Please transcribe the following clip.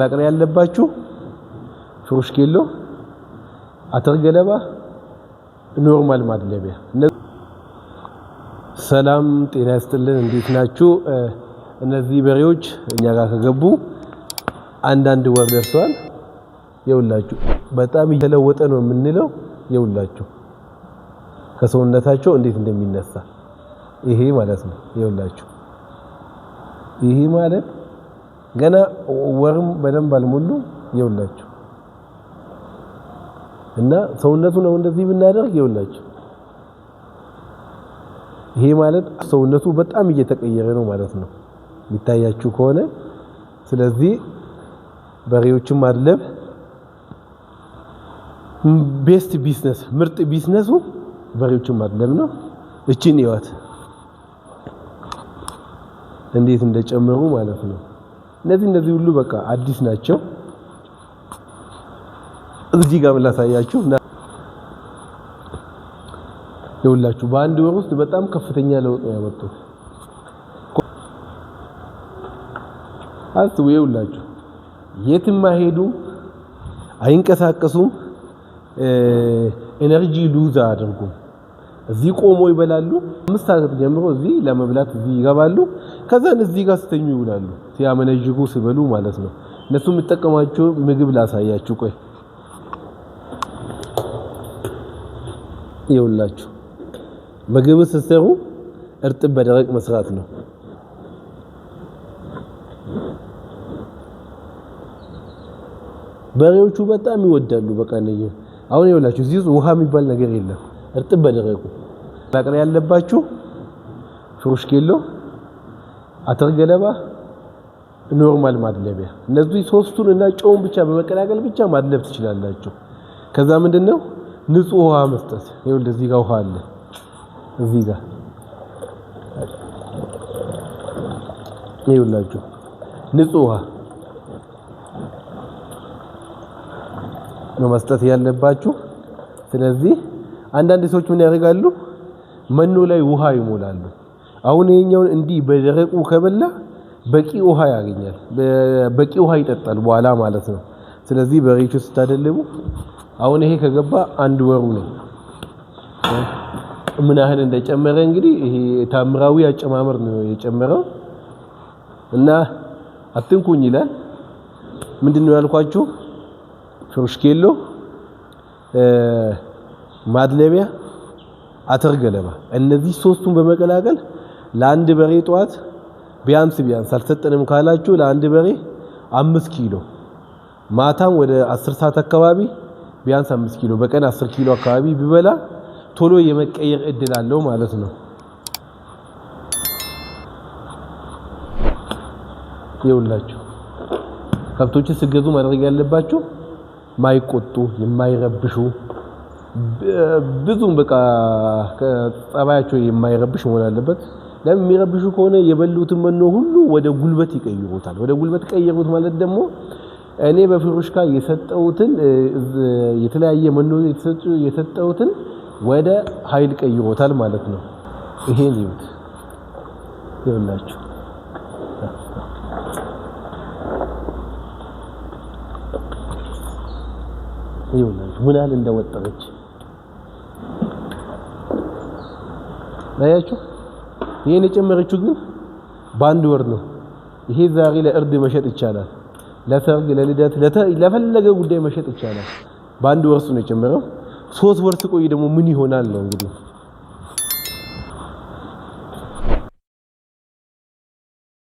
ቀላቅል ያለባችሁ ሹሩሽ ኪሎ፣ አተር ገለባ፣ ኖርማል ማድለቢያ። ሰላም ጤና ይስጥልን። እንዴት ናችሁ? እነዚህ በሬዎች እኛ ጋር ከገቡ አንዳንድ ወር ደርሰዋል። የውላችሁ በጣም እየተለወጠ ነው የምንለው። የውላችሁ ከሰውነታቸው እንዴት እንደሚነሳ ይሄ ማለት ነው። የውላችሁ ይሄ ማለት ገና ወርም በደንብ አልሞሉ ይውላችሁ እና ሰውነቱ ነው እንደዚህ ብናደርግ ይውላችሁ ይሄ ማለት ሰውነቱ በጣም እየተቀየረ ነው ማለት ነው የሚታያችሁ ከሆነ ስለዚህ በሬዎችን ማድለብ ቤስት ቢዝነስ ምርጥ ቢዝነሱ በሬዎችን ማድለብ ነው እቺን ይዋት እንዴት እንደጨመሩ ማለት ነው እነዚህ እነዚህ ሁሉ በቃ አዲስ ናቸው። እዚህ ጋር ምላሳያችሁ ይኸውላችሁ በአንድ ወር ውስጥ በጣም ከፍተኛ ለውጥ ነው ያመጡት። አስቡ፣ ይኸውላችሁ የትም አይሄዱም፣ አይንቀሳቀሱም፣ ኤነርጂ ሉዝ አያደርጉም። እዚህ ቆሞ ይበላሉ። አምስት ሰዓት ጀምሮ እዚህ ለመብላት እዚህ ይገባሉ። ከዛን እዚህ ጋር ስተኙ ይውላሉ። ሲያመነዥጉ ሲበሉ ማለት ነው። እነሱ የሚጠቀማቸው ምግብ ላሳያችሁ። ቆይ ይውላችሁ ምግብ ስትሰሩ እርጥብ በደረቅ መስራት ነው። በሬዎቹ በጣም ይወዳሉ። በቃ አሁን ይውላችሁ እዚህ ውሃ የሚባል ነገር የለም። እርጥብ በደረቁ ቀላቅል ያለባችሁ ሹሩሽ ኪሎ፣ አተር ገለባ፣ ኖርማል ማድለቢያ እነዚህ ሶስቱን እና ጨውን ብቻ በመቀላቀል ብቻ ማድለብ ትችላላችሁ። ከዛ ምንድነው ንጹህ ውሃ መስጠት። ይኸውልህ እዚህ ጋር ውሃ አለ። እዚህ ጋር ይኸውላችሁ ንጹህ ውሃ ነው መስጠት ያለባችሁ። ስለዚህ አንዳንድ ሰዎች ምን ያደርጋሉ? መኖ ላይ ውሃ ይሞላሉ። አሁን ይሄኛውን እንዲህ በደረቁ ከበላ በቂ ውሃ ያገኛል። በቂ ውሃ ይጠጣል በኋላ ማለት ነው። ስለዚህ በሬቹ ስታደልቡ አሁን ይሄ ከገባ አንድ ወሩ ነው። ምን ያህል እንደጨመረ እንግዲህ ይሄ ታምራዊ አጨማመር ነው የጨመረው እና አትንኩኝ ይላል። ምንድነው ያልኳችሁ? ሾርሽኬሎ ማድለቢያ አተር ገለባ። እነዚህ ሶስቱን በመቀላቀል ለአንድ በሬ ጠዋት ቢያንስ ቢያንስ አልሰጠንም ካላችሁ ለአንድ በሬ አምስት ኪሎ ማታም ወደ አስር ሰዓት አካባቢ ቢያንስ አምስት ኪሎ በቀን አስር ኪሎ አካባቢ ቢበላ ቶሎ የመቀየር እድል አለው ማለት ነው። ይውላችሁ ከብቶችን ስገዙ ማድረግ ያለባችሁ ማይቆጡ የማይረብሹ ብዙም በቃ ጸባያቸው የማይረብሽ መሆን አለበት። ለምን የሚረብሹ ከሆነ የበሉትን መኖ ሁሉ ወደ ጉልበት ይቀይሩታል። ወደ ጉልበት ቀየሩት ማለት ደግሞ እኔ በፍሩሽካ የሰጠሁትን የተለያየ መኖ የሰጠሁትን ወደ ኃይል ቀይሮታል ማለት ነው። ይሄን ይሁት ይላችሁ ይሁን ምን ያህል እንደወጠረች አያችሁ፣ ይሄን የጨመረችው ግን በአንድ ወር ነው። ይሄ ዛሬ ለእርድ መሸጥ ይቻላል፣ ለሰርግ፣ ለልደት፣ ለፈለገ ጉዳይ መሸጥ ይቻላል። በአንድ ወር ነው የጨመረው። ሶስት ወር ስቆይ ደግሞ ምን ይሆናል ነው እንግዲህ